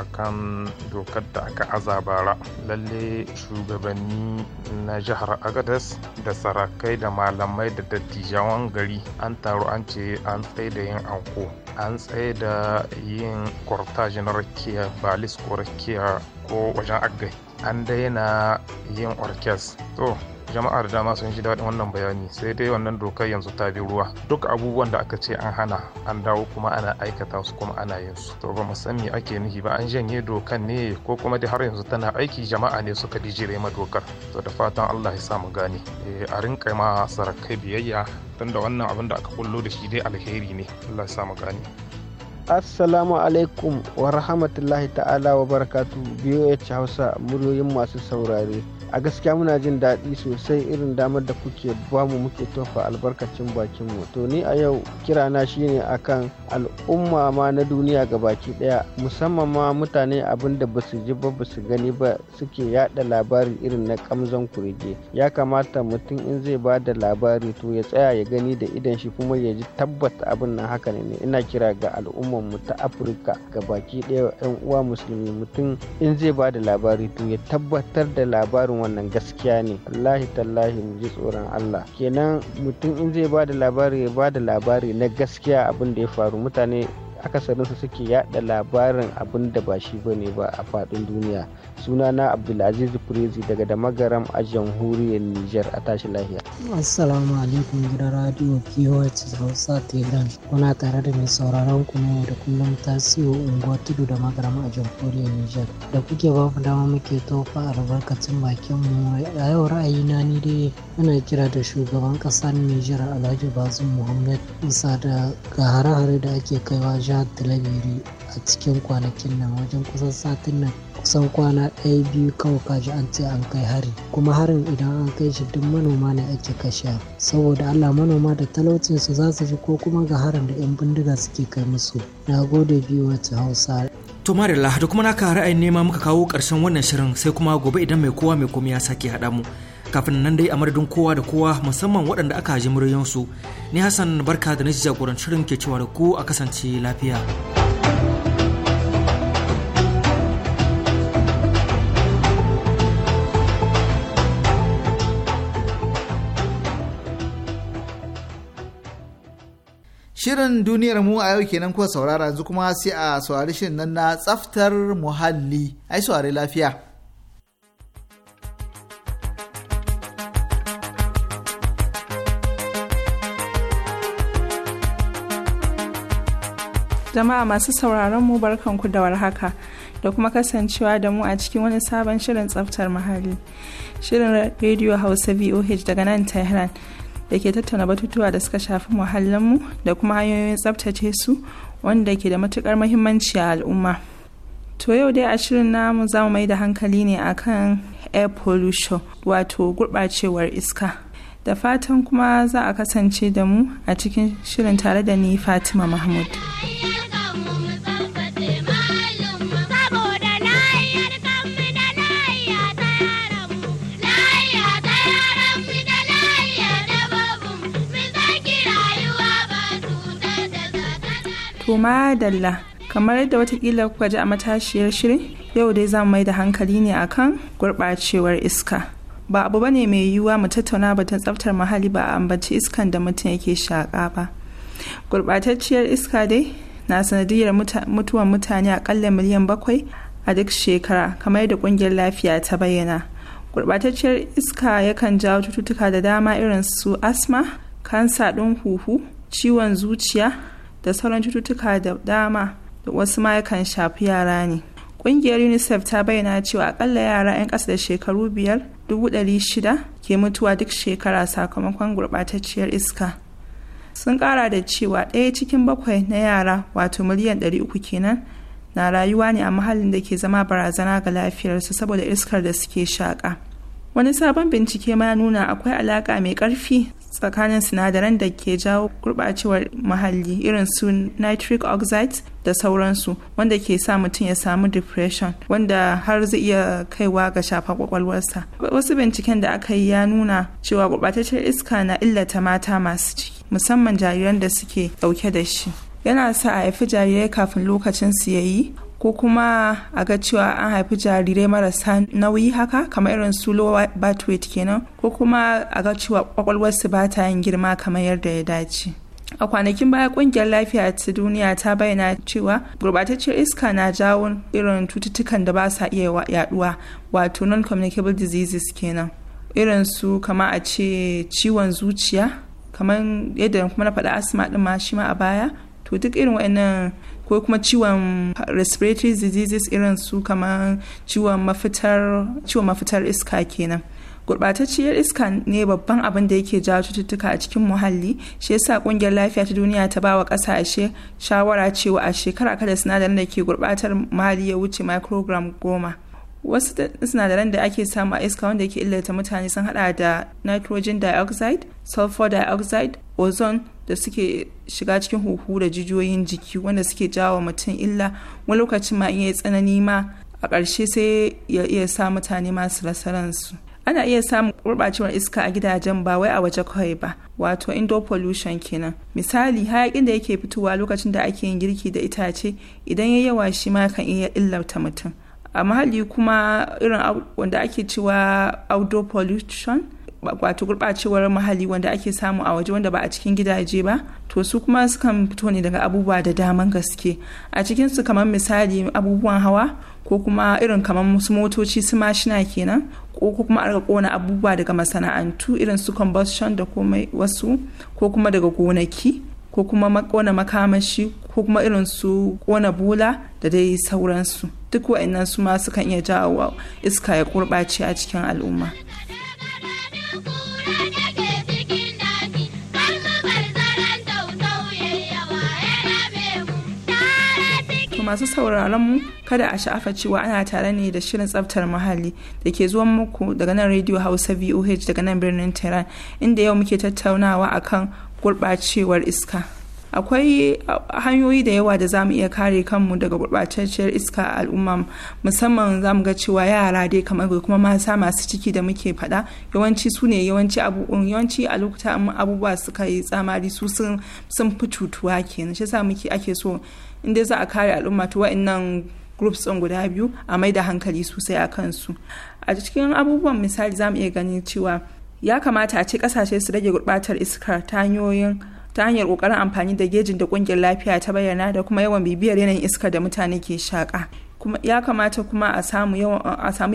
akan dokar da aka aza bara lalle shugabanni na jihar agadas da sarakai da malamai da dattijawan gari an taru an ce an tsaye da yin anko an tsaye da yin kwartaji na rakiya balis ko rakiya ko wajen agai an daina yin orkes to jama'a da dama sun ji daɗin wannan bayani sai dai wannan dokar yanzu ta bi ruwa duk abubuwan da aka ce an hana an dawo kuma ana aikata su kuma ana yin su to ba mu san me ake nufi ba an janye dokan ne ko kuma da har yanzu tana aiki jama'a ne suka bijire ma dokar to da fatan Allah ya sa mu gane eh, a rinka ma sarakai biyayya tun da wannan abin da aka kullo da shi dai alheri ne Allah ya sa mu gane assalamu alaikum wa rahmatullahi ta'ala wa barakatu biyo hausa muryoyin masu saurare a gaskiya muna jin daɗi sosai irin damar da kuke bamu muke tofa albarkacin bakinmu to ni a yau kirana shine akan al'umma ma na duniya ga baki ɗaya musamman ma mutane abinda da ba su ji ba ba su gani ba suke yada labari irin na kamzon kurege ya kamata mutum in zai ba da labari to ya tsaya ya gani da idan shi kuma ya ji tabbata abin nan haka ne ina kira ga al'umman mu ta afirka baki ɗaya yan uwa musulmi mutum in zai ba da labari to ya tabbatar da labarin irin wannan gaskiya ne wallahi tallahi mu ji tsoron Allah kenan mutum in zai ba da labari ya ba da labari na gaskiya abin da ya faru mutane akasarinsa suke yada labarin abin da ba shi bane ba a faɗin duniya suna na abdulaziz prezi daga da magaram a jamhuriyar niger a tashi lahiya assalamu alaikum gidan radio poh hausa tehran kuna tare da mai sauraron ku ne da kullum tasiyo unguwar tudu da magaram a jamhuriyar niger da kuke ba mu dama muke tofa albarkacin bakin mu a yau ra'ayi na ni dai Ana kira da shugaban ƙasar Nijar Alhaji Bazum Muhammad musa da ga hare-hare da ake kaiwa jihar Talabiri a cikin kwanakin nan wajen kusan satin nan kusan kwana ɗaya biyu kawai kaji an ce an kai hari kuma harin idan an kai shi duk manoma ne ake kashe saboda allah manoma da talaucin su za su ji ko kuma ga harin da 'yan bindiga suke kai musu na gode biyu wata hausa to marilla da kuma naka ra'ayin nema muka kawo ƙarshen wannan shirin sai kuma gobe idan mai kowa mai komai ya sake haɗa mu kafin nan dai a madadin kowa da kowa musamman waɗanda aka ji muryoyinsu ni hassan barka da na jagorancin ke cewa da ku a kasance lafiya. Shirin duniyar mu a yau kenan kuwa saurara yanzu kuma sai a saurari shirin nan na tsaftar muhalli. Ai saurari lafiya. Jama'a masu sauraron mu barkanku da warhaka da kuma kasancewa da mu a cikin wani sabon shirin tsaftar muhalli. Shirin Radio Hausa VOH daga nan Tehran da ke tattauna batutuwa da suka shafi muhallinmu da kuma hanyoyin tsaftace su wanda ke da matukar muhimmanci a al'umma. To yau dai a shirin namu za mu mai da hankali ne akan air pollution wato gurɓacewar iska. Da fatan kuma za a kasance da mu a cikin shirin tare da ni Fatima Mahmud. To madalla kamar yadda watakila kuka ji a matashiyar shirin yau dai za mu mai da hankali ne akan gurɓacewar iska. Ba abu bane mai yiwuwa mu tattauna batun tsaftar muhalli ba a ambaci iskan da mutum yake shaƙa ba. Gurɓatacciyar iska dai na sanadiyar mutuwan mutane akalla miliyan bakwai a duk shekara kamar yadda ƙungiyar lafiya ta bayyana. Gurɓatacciyar iska yakan jawo cututtuka da dama irin su asma, kansa ɗin huhu, ciwon zuciya, da sauran cututtuka da dama da wasu ma yakan shafi yara ne ƙungiyar unicef ta bayyana cewa akalla yara 'yan ƙasa da shekaru biyar dubu ɗari shida ke mutuwa duk shekara sakamakon gurɓatacciyar iska sun ƙara da cewa ɗaya cikin bakwai na yara wato miliyan ɗari uku kenan na rayuwa ne a mahallin da ke zama barazana ga lafiyarsu saboda iskar da suke shaƙa wani sabon bincike ma nuna akwai alaƙa mai ƙarfi tsakanin sinadaran da ke jawo gurɓacewar muhalli irin su nitric oxide da sauransu wanda ke sa mutum ya samu depression wanda har zai iya kaiwa ga shafa kwakwalwarsa wasu binciken da aka yi ya nuna cewa gurɓataccen iska na illata mata masu ciki musamman jariran da suke ɗauke da shi yana sa a haifi jarirai kafin lokacin su yayi ko kuma a ga cewa an haifi jarirai marasa nauyi haka kamar irin su low kenan ko kuma a ga cewa su ba ta yin girma kamar yadda ya dace a kwanakin baya kungiyar lafiya ta duniya ta bayyana cewa gurbatacciyar iska na jawo irin cututtukan da ba sa iya yaduwa wato non-communicable diseases kenan irin su kama a ce ciwon zuciya kamar yadda kuma na faɗa asma ɗin ma shi ma a baya to duk irin wa'annan ko kuma ciwon respiratory diseases irin su kamar ciwon mafitar ciwon mafitar iska kenan gurɓatacciyar iska ne babban abin da yake jawo cututtuka a cikin muhalli shi yasa ƙungiyar lafiya ta duniya ta bawa ƙasashe shawara cewa a shekara kada sinadarin da ke gurɓatar muhalli ya wuce microgram goma wasu sinadaran da ake samu a iska wanda ke illata mutane sun hada da nitrogen dioxide sulfur dioxide ozon da suke shiga cikin huhu da jijiyoyin jiki wanda suke jawo mutum illa wani lokacin ma iya tsanani ma a ƙarshe sai ya iya sa mutane masu rasaransu su ana iya samun gurɓacewar iska a gidajen ba wai a waje kawai ba wato indoor pollution kenan misali hayakin da yake fitowa lokacin da ake yin girki da itace idan ya yawa shi ma kan iya illata mutum a mahalli kuma irin wanda ake cewa outdoor pollution wato gurɓacewar muhalli wanda ake samu a waje wanda ba a cikin gidaje ba to su kuma sukan fito ne daga abubuwa da daman gaske a cikin su kamar misali abubuwan hawa ko kuma irin kamar su motoci su mashina kenan ko kuma a kona abubuwa daga masana'antu irin su combustion da komai wasu ko kuma daga gonaki ko kuma kona makamashi ko kuma irin su kona bola da dai sauransu duk wa'annan su ma sukan iya jawo iska ya gurɓace a cikin al'umma masu sauraron kada a sha'afa cewa ana tare ne da shirin tsaftar muhalli da ke zuwan muku daga nan Radio Hausa VOH daga nan birnin Tehran inda yau muke tattaunawa a kan gurɓacewar iska. akwai hanyoyi da yawa da zamu iya kare kanmu daga gurɓatacciyar iska a al'umma musamman zamu ga cewa yara dai kamar da kuma mata masu ciki da muke faɗa yawanci su ne yawanci yawanci a lokuta abubuwa suka yi tsamari su sun fi cutuwa kenan shi sa muke ake so in dai za a kare al'umma to wa'annan groups ɗin guda biyu a mai da hankali sosai a kansu a cikin abubuwan misali za mu iya ganin cewa ya kamata a ce kasashe su rage gurbatar iskar ta hanyoyin ta hanyar kokarin amfani da gejin da kungiyar lafiya ta bayyana da kuma yawan bibiyar yanayin iska da mutane ke shaka ya kamata kuma a a samu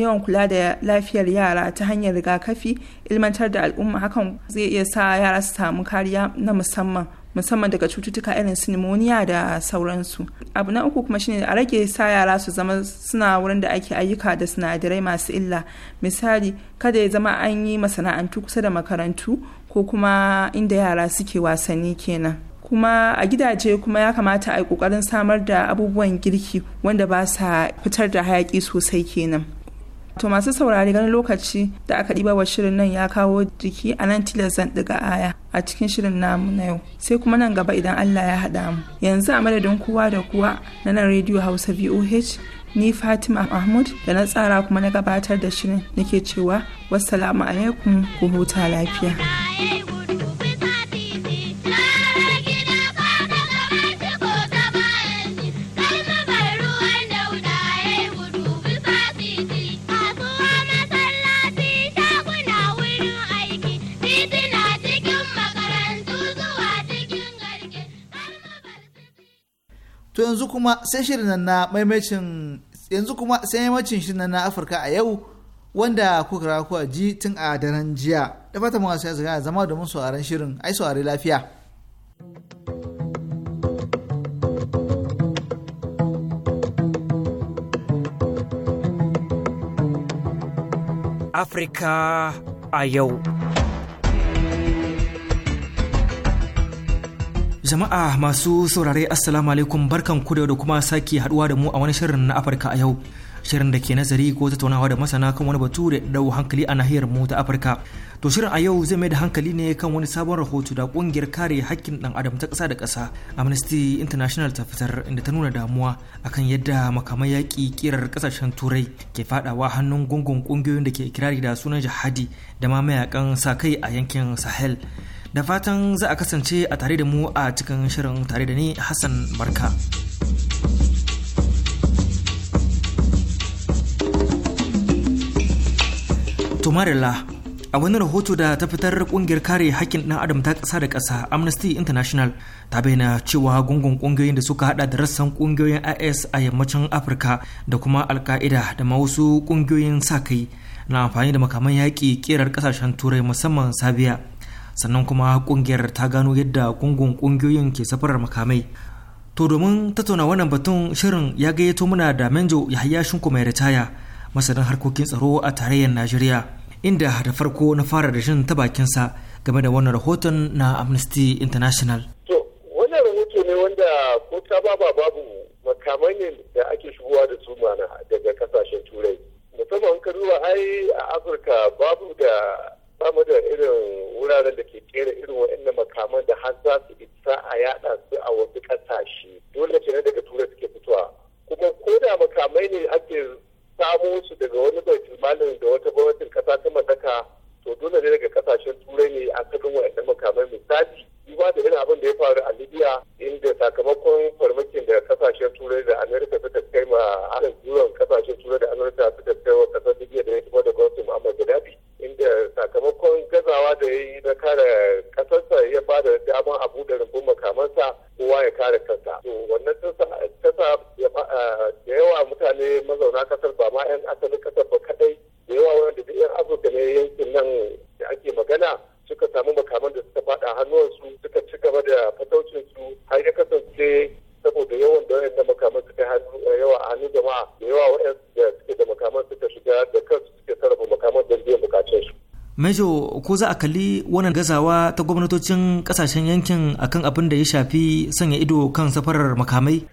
yawan kula da lafiyar yara ta hanyar rigakafi ilmantar da al'umma hakan zai iya sa yara su samu kariya na musamman musamman daga cututtuka irin sinimoniya da sauransu abu na uku kuma shine a rage sa yara su zama suna wurin da ake ayyuka da sinadarai masu illa misali kada ya zama an yi masana'antu kusa da makarantu ko kuma inda yara suke wasanni kenan kuma a gidaje kuma ya kamata a yi kokarin samar da abubuwan girki wanda ba sa fitar da hayaki sosai kenan To masu saurari ganin lokaci da aka ɗiba wa shirin nan ya kawo jiki a nan tilas zan ɗiga aya a cikin shirin namu na yau sai kuma nan gaba idan Allah ya haɗa mu. Yanzu a madadin kowa da kowa na nan rediyo Hausa VOH ni Fatima Mahmud da na tsara kuma na gabatar da shirin nake cewa wasu alaikum ku huta lafiya. to yanzu kuma sai shirin na maimacin yanzu kuma sai maimacin shirin na afirka a yau wanda kuka kuwa ji tun a daren jiya da fata sai zaga zama domin sauraron shirin ai sauraron lafiya Afirka a yau. Jama'a masu saurare Assalamu alaikum barkan da kuma sake haduwa da mu a wani shirin na Afirka a yau. Shirin da ke nazari ko tattaunawa da masana kan wani batu da dau hankali a nahiyar mu ta Afirka. To shirin a yau zai mai da hankali ne kan wani sabon rahoto da kungiyar kare hakkin dan adam ta kasa da ƙasa Amnesty International ta fitar inda ta nuna damuwa akan yadda makamai yaƙi kirar ƙasashen Turai ke fadawa hannun gungun kungiyoyin da ke kirari da sunan jihadi da ma mayakan sa kai a yankin Sahel. da fatan za a kasance a tare da mu a cikin shirin tare da ni hassan barka tumarilla a wani rahoto da ta fitar kungiyar kare hakkin ɗan adam ta ƙasa da ƙasa amnesty international ta bayyana cewa gungun ƙungiyoyin da suka hada da rassan ƙungiyoyin is a yammacin afirka da kuma alka'ida da ma wasu ƙungiyoyin sa kai na amfani da makaman yaƙi ƙerar ƙasashen turai musamman sabiya sannan kuma kungiyar ta gano yadda kungun kungiyoyin ke safarar makamai to domin tattauna wannan batun shirin ya gayyato muna da menjo yahaya shinku mai ritaya masanin harkokin tsaro a tarayyar najeriya inda da farko na fara da shin ta sa game da wannan rahoton na amnesty international to wannan rahoto ne wanda ko ta baba babu makamai ne da ake shigowa da su mana daga kasashen turai musamman ka duba ai a afirka babu da ba mu da irin wuraren da ke kera irin waɗannan makaman da har za su isa a yada su a wasu ƙasashe dole ce ne daga turai suke fitowa kuma ko da makamai ne ake samo su daga wani baitul malin da wata gwamnatin kasa ta mallaka to dole ne daga ƙasashen turai ne a cikin waɗannan makamai misali duba da irin abin da ya faru a libya inda sakamakon farmakin da kasashen turai da amerika suka kai ma alin turan kasashen turai da su suka kai wa kasar libya da ya kuma da gwamnatin muhammad gaddafi inda sakamakon gazawa da ya yi na kare kasarsa ya ba da damar a buɗe Mejo ko za a kalli wannan gazawa ta gwamnatocin kasashen yankin akan abin da ya shafi sanya ido kan safarar makamai?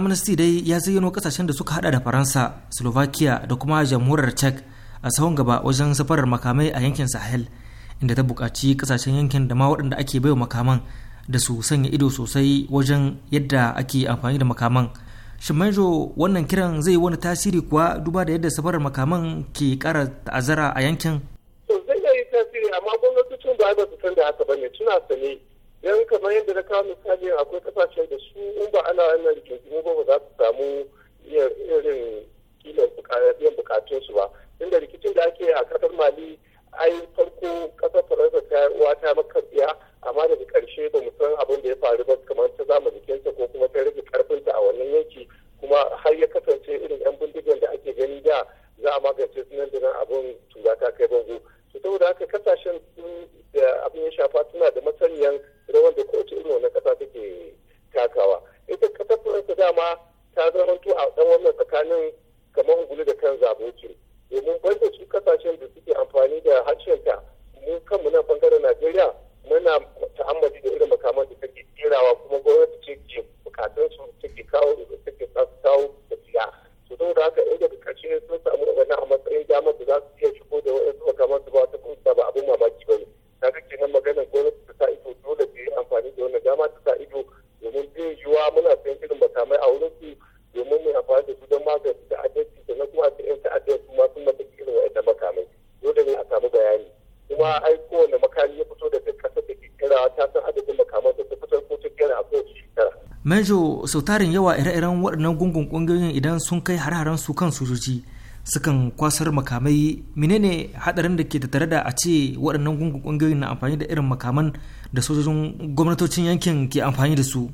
amnesty dai ya zayyano kasashen da suka hada da faransa slovakia da kuma jamhuriyar czech a sahun gaba wajen safarar makamai a yankin sahel inda ta bukaci kasashen yankin da ma waɗanda ake baiwa makaman da su sanya ido sosai wajen yadda ake amfani da makaman shimanjo wannan kiran zai wani tasiri kuwa duba da yadda safarar makaman ke kara ta'azara a yankin to zai yi tasiri amma gwamnatocin ba su san da haka bane suna sane yanzu kamar yadda na kawo misali akwai kasashen da su in ba ana wannan rikici ba ba za su samu irin kilon biyan bukatunsu ba banjo sau tarin yawa ire-iren waɗannan gungun ƙungiyoyin idan sun kai har-haren su kan sojoji sukan kwasar makamai menene hadarin da ke tattare da a ce waɗannan gungun ƙungiyoyin na amfani da irin makaman da sojojin gwamnatocin yankin ke amfani da su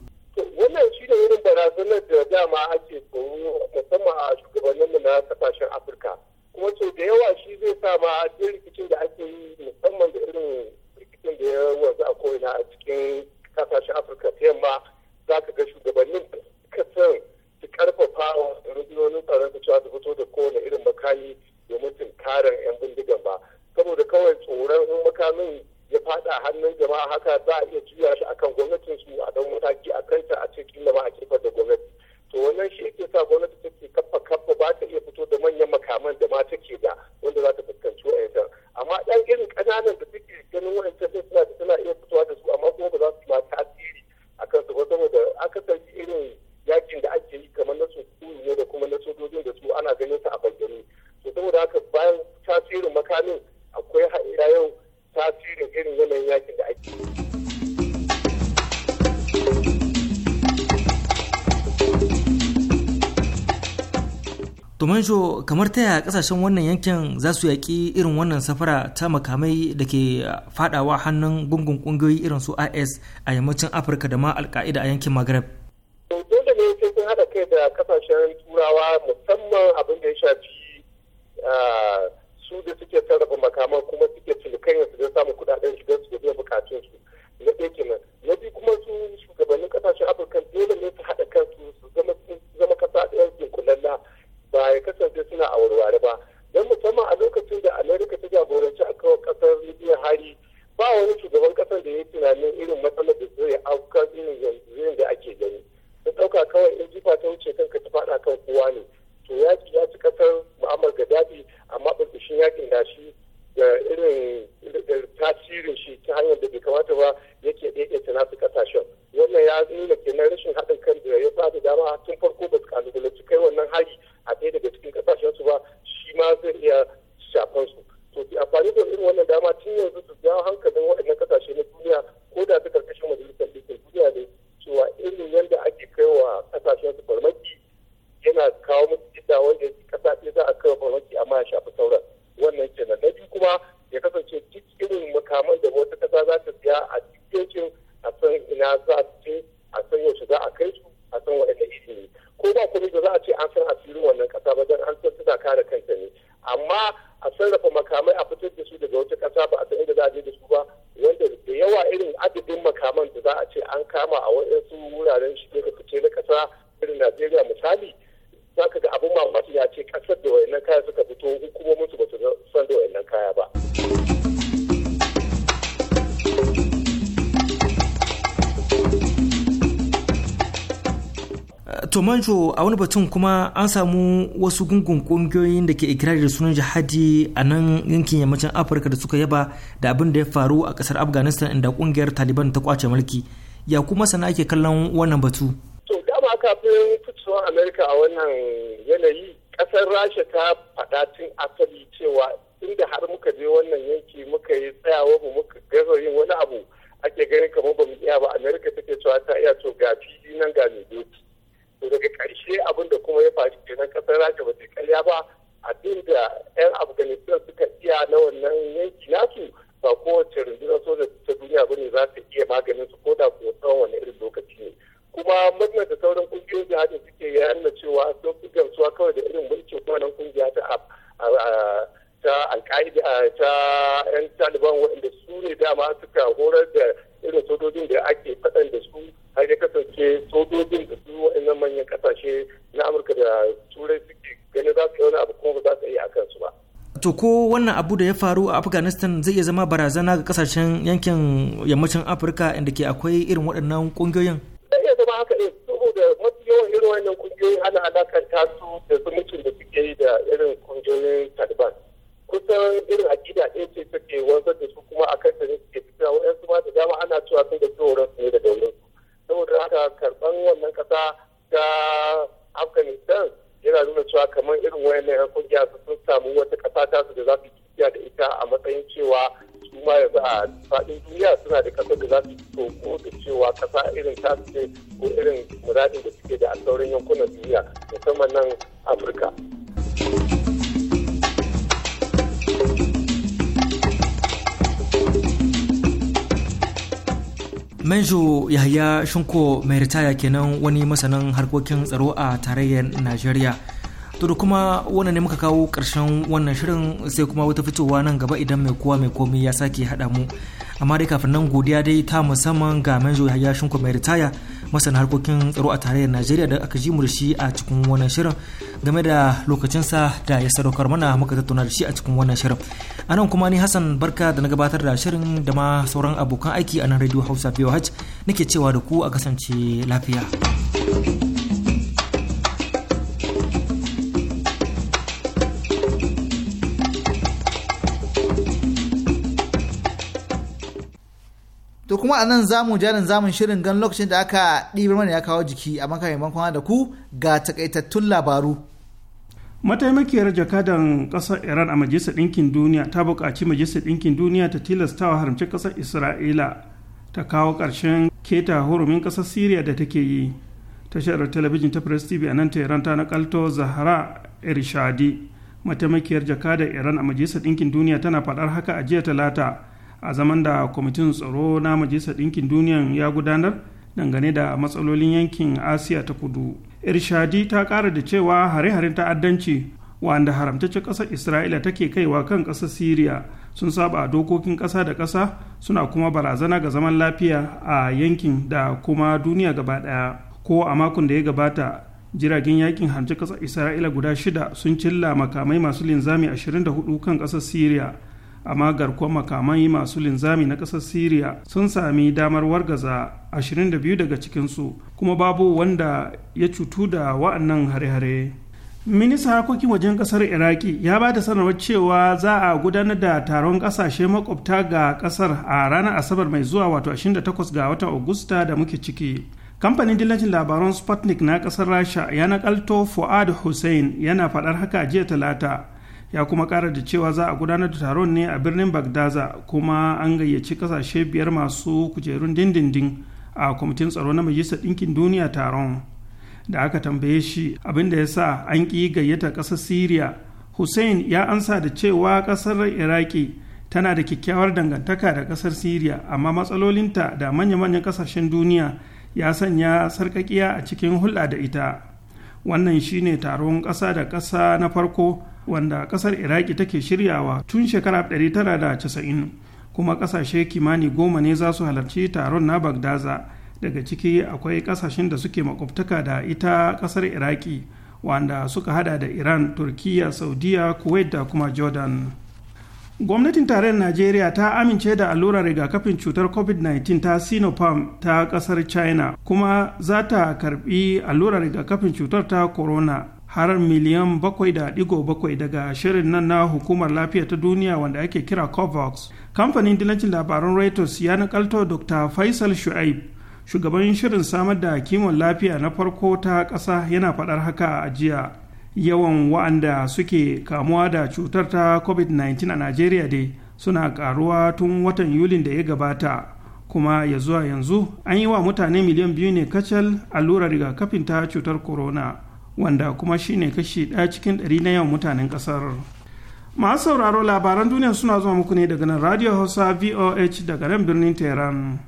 kamar ta yaya kasashen wannan yankin za su yaƙi irin wannan safara ta makamai da ke fadawa hannun gungun ƙungiyoyi irin su is a yammacin afirka da ma alka'ida a yankin maghreb dole ne sai sun hada kai da kasashen turawa musamman abin da ya shafi su da suke sarrafa makaman kuma suke cinikanyar su don samun kuɗaɗen shigar su da biyan bukatun su na ɗaya kenan na biyu kuma su shugabannin kasashen afirka dole ne su haɗa kansu su zama kasa ɗaya jinkulalla ba ya kasance suna a warware ba don musamman a lokacin da amerika ta jagoranci a kawo kasar libya hari ba wani shugaban kasar da ya yi tunanin irin matsalar da zai auka irin yanzu da ake gani ta ɗauka kawai in jifa ta wuce kanka ta faɗa kan kowa ne to ya ci kasar mu'amar gaddafi amma ɓarɓashin yakin da shi da irin tasirin shi ta hanyar da bai kamata ba yake ta nasu kasashen wannan ya nuna kenan rashin haɗin kan da ya bada dama tun farko ba su kalubalanci kai wannan hari a ɗaya daga cikin kasashen su ba shi ma zai iya shafan su to bi amfani da irin wannan dama tun yanzu su jawo hankalin waɗannan kasashe na duniya ko da ta karkashin majalisar ɗinkin duniya ne cewa irin yadda ake kai wa kasashen su farmaki yana kawo musu gida wanda kasashe za a kai farmaki amma ya shafi sauran wannan kenan na biyu kuma ya kasance duk irin makaman da wata kasa za ta siya a cikin a san ina za su ce a san yaushe za a kai su a san waɗanda iri ne ko ba kuma da za a ce an san asirin wannan kasa ba don an san suna kare kanta ne amma a sarrafa makamai a fitar da su daga wata kasa ba a san inda za a je da su ba wanda da yawa irin adadin makaman da za a ce an kama a wasu wuraren shige da fice na kasa irin najeriya misali za ka ga abin mamaki ya ce kasar da wayannan kaya suka fito hukumomin su ba su san da wayannan kaya ba. tomanjo a wani batun kuma an samu wasu gungun kungiyoyin da ke ikirari da sunan jihadi a nan yankin yammacin afirka da suka yaba da abin da ya faru a kasar afghanistan inda kungiyar taliban ta kwace mulki ya kuma sana ake kallon wannan batu kuma kafin fitowar amerika a wannan yanayi ƙasar rasha ta faɗa tun asali cewa inda har muka je wannan yanki muka yi tsayawa mu muka gaza yin wani abu ake ganin kamar ba mu iya ba amerika take cewa ta iya to ga fili nan ga mai doki to daga ƙarshe abin da kuma ya faru kenan kasar rasha ba ta karya ba abin da 'yan afghanistan suka iya na wannan yanki nasu ba kowace rundunar soja ta duniya ba ne za ta iya maganin su ko da kuwa tsawon wani irin lokaci ne kuma murnar da sauran kungiyoyin jihadin suke ya nuna cewa sun fi gamsuwa kawai da irin mulkin wannan kungiya ta ta alka'ida ta yan taliban waɗanda su ne dama suka horar da irin sojojin da ake faɗan da su har ya kasance sojojin da su waɗannan manyan ƙasashe na amurka da turai suke ganin za su yi wani abu kuma ba za su yi a kansu ba. to ko wannan abu da ya faru a afghanistan zai iya zama barazana ga kasashen yankin yammacin afirka inda ke akwai irin waɗannan ƙungiyoyin. da iya zama haka ne saboda mafi yawan irin wannan kungiyoyi ana alakanta su da zumuncin da suke yi da irin kungiyoyin taliban kusan irin akida ɗaya ce take wanzar da su kuma a kan da suke fita wa'yansu ma da dama ana cewa sun da tsoron su ne da daurin su saboda haka karɓan wannan ƙasa ta afghanistan yana nuna cewa kamar irin wayannan yan kungiya sun samu wata ƙasa tasu da za su yi da ita a matsayin cewa su ma yanzu a faɗin duniya suna da kasar da za su fito ko da cewa kasa irin ta ce ko irin muradin da suke da a sauran yankunan duniya musamman nan afirka. Menjo Yahya Shinko mai ritaya kenan wani masanin harkokin tsaro a tarayyar Najeriya. to da kuma wannan ne muka kawo ƙarshen wannan shirin sai kuma wata fitowa nan gaba idan mai kowa mai komi ya sake haɗa mu amma dai kafin nan godiya dai ta musamman ga manjo ya shinku mai ritaya masana harkokin tsaro a tarayyar najeriya da aka ji mu da shi a cikin wannan shirin game da lokacinsa da ya sadaukar mana muka tattauna da shi a cikin wannan shirin a nan kuma ni hassan barka da na gabatar da shirin da ma sauran abokan aiki a nan radio hausa hajj nake cewa da ku a kasance lafiya thank you to kuma a nan zamu jarin zamun shirin gan lokacin da aka ɗibar mana ya kawo jiki a makamin kwana da ku ga takaitattun labaru mataimakiyar jakadan ƙasar iran a majalisar ɗinkin duniya ta buƙaci majalisar ɗinkin duniya ta tilasta wa haramcin ƙasar isra'ila ta kawo ƙarshen keta hurumin ƙasar siriya da take yi tashar talabijin ta press tv a nan iran ta nakalto zahra irshadi mataimakiyar jakadan iran a majalisar ɗinkin duniya tana faɗar haka a jiya talata a zaman da kwamitin tsaro na majalisar ɗinkin duniyan ya gudanar dangane da matsalolin yankin asiya ta kudu irshadi ta kara da cewa hare-haren ta'addanci wanda haramtaccen ƙasar isra'ila take kaiwa kan ƙasar syria sun saba dokokin ƙasa da ƙasa suna kuma barazana ga zaman lafiya a yankin da kuma duniya gaba ɗaya ko a makon da ya gabata jiragen yakin hamci kasar isra'ila guda shida sun cilla makamai masu linzami 24 kan ƙasar syria amma garkuwar makamai masu linzami na ƙasar syria sun sami damar wargaza 22 daga cikinsu kuma babu wanda ya cutu da wa'annan hare-hare ministan harkokin wajen ƙasar iraki ya ba da sanarwar cewa za a gudanar da taron kasashe makwabta ga ƙasar a ranar asabar mai zuwa wato 28 ga watan augusta da muke ciki kamfanin dillacin labaran sputnik na ƙasar rasha ya naƙalto fuad hussein yana faɗar haka jiya talata ya kuma ƙara da cewa za a gudanar da taron ne a birnin bagdaza kuma an gayyaci ƙasashe biyar masu kujerun dindindin a kwamitin tsaro na majalisar ɗinkin duniya taron da aka tambaye shi abin da ya sa an ƙi gayyata ƙasar syria hussein ya ansa da cewa ƙasar iraki tana da kyakkyawar dangantaka da ƙasar syria amma matsalolinta da manya-manyan ƙasashen duniya ya sanya sarƙaƙiya a cikin hulɗa da ita wannan shine taron ƙasa da ƙasa na farko wanda kasar iraki take shiryawa tun shekara 1990 kuma kasashe kimani goma ne za su halarci taron na bagdaza daga ciki akwai kasashen da suke makwabtaka da ita kasar iraki wanda suka hada da iran turkiya saudiya kuwait da kuma jordan gwamnatin tarayyar najeriya ta amince da allurar rigakafin cutar covid-19 ta sinopharm ta kasar china kuma za ta karbi allurar rigakafin cutar ta corona har miliyan bakwai da 7.7 daga shirin nan na hukumar lafiya ta duniya wanda ake kira covax kamfanin dilancin labaran reuters ya nakalto dr faisal shu'aib shugaban shirin samar da kiwon lafiya na farko ta ƙasa yana faɗar haka a jiya yawan wa'anda suke kamuwa da cutar ta covid-19 a najeriya dai suna ƙaruwa tun watan yulin da ya gabata kuma ya zuwa yanzu an yi wa mutane miliyan biyu ne kacal allurar rigakafin ta cutar corona wanda kuma shine kashi ɗaya cikin ɗari na yawan mutanen ƙasar masu sauraro labaran duniya suna zuwa muku ne daga nan radio hausa voh daga nan birnin tehran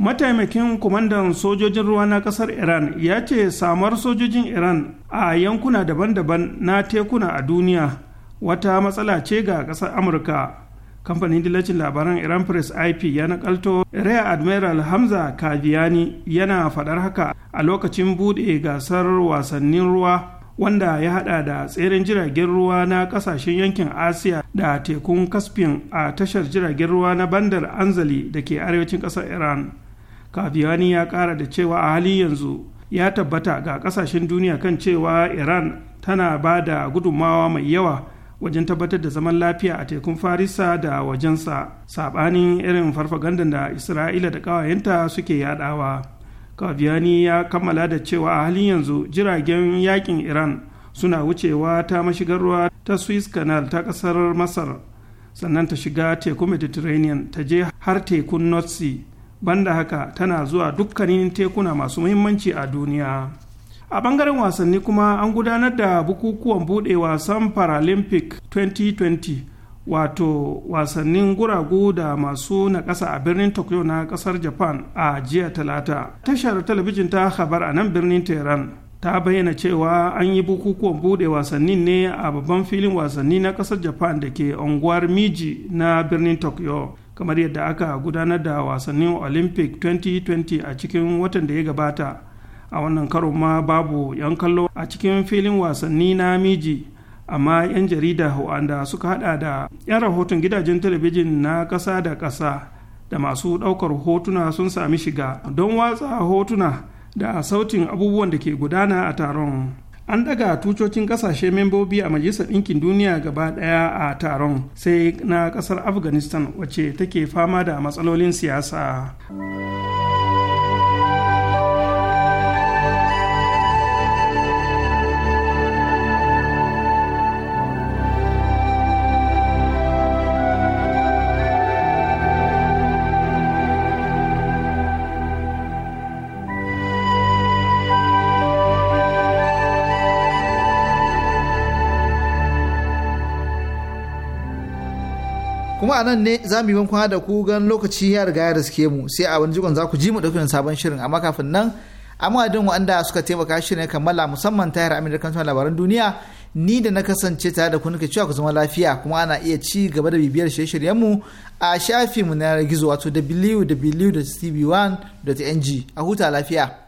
mataimakin kwamandan sojojin ruwa na ƙasar iran ya ce samar sojojin iran a yankuna daban-daban na tekuna a duniya wata matsala ce ga ƙasar amurka kamfanin dillacin labaran iran press ip ya nakalto rear admiral hamza kaviyani yana faɗar haka a lokacin buɗe gasar wasannin ruwa wanda ya hada da tseren jiragen ruwa na kasashen yankin asiya da tekun caspian a tashar jiragen ruwa na bandar anzali da ke arewacin ƙasar iran kaviyani ya ƙara da cewa a halin yanzu ya tabbata ga kasashen duniya kan cewa iran tana ba da gudunmawa mai yawa wajen tabbatar da zaman lafiya a tekun farisa da wajensa saɓanin irin farfagandan da isra'ila da ƙawayenta suke yadawa kaviyani ya kammala da cewa a halin yanzu jiragen yakin iran suna wucewa ta mashigar ruwa ta swiss canal ta ƙasar masar sannan ta shiga tekun mediterranean ta je har tekun north sea banda haka tana zuwa dukkanin tekuna masu muhimmanci a duniya a bangaren wasanni kuma an gudanar da bukukuwan buɗe wasan paralympic 2020 wato wasannin guragu da masu na ƙasa a birnin tokyo na ƙasar japan a jiya talata tashar talabijin ta habar a nan birnin tehran ta bayyana cewa an yi bukukuwan buɗe wasannin ne a babban filin wasanni na ƙasar japan da ke unguwar miji na birnin tokyo kamar yadda aka gudanar da wasannin olympic 2020 a cikin watan da ya gabata a wannan karo ma babu 'yan kallo a cikin filin wasanni na miji amma 'yan jarida wanda suka hada da 'yan rahoton gidajen talabijin na ƙasa da ƙasa da masu ɗaukar hotuna sun sami shiga don watsa hotuna da sautin abubuwan da ke gudana a taron an daga tucocin kasashe membobi a majalisar ɗinkin duniya gaba ɗaya a taron sai na ƙasar afghanistan wacce take fama da matsalolin siyasa. kuma a nan ne za mu yi kwana da ku gan lokaci ya riga ya riske mu sai a wani jigon za ku ji mu dauki sabon shirin amma kafin nan amma din wanda suka taimaka shirin kammala musamman ta tayar kan labaran duniya ni da na kasance tare da ku nake cewa ku zama lafiya kuma ana iya ci gaba da bibiyar shirye shiryen mu a mu na gizo wato www.tv1.ng a huta lafiya.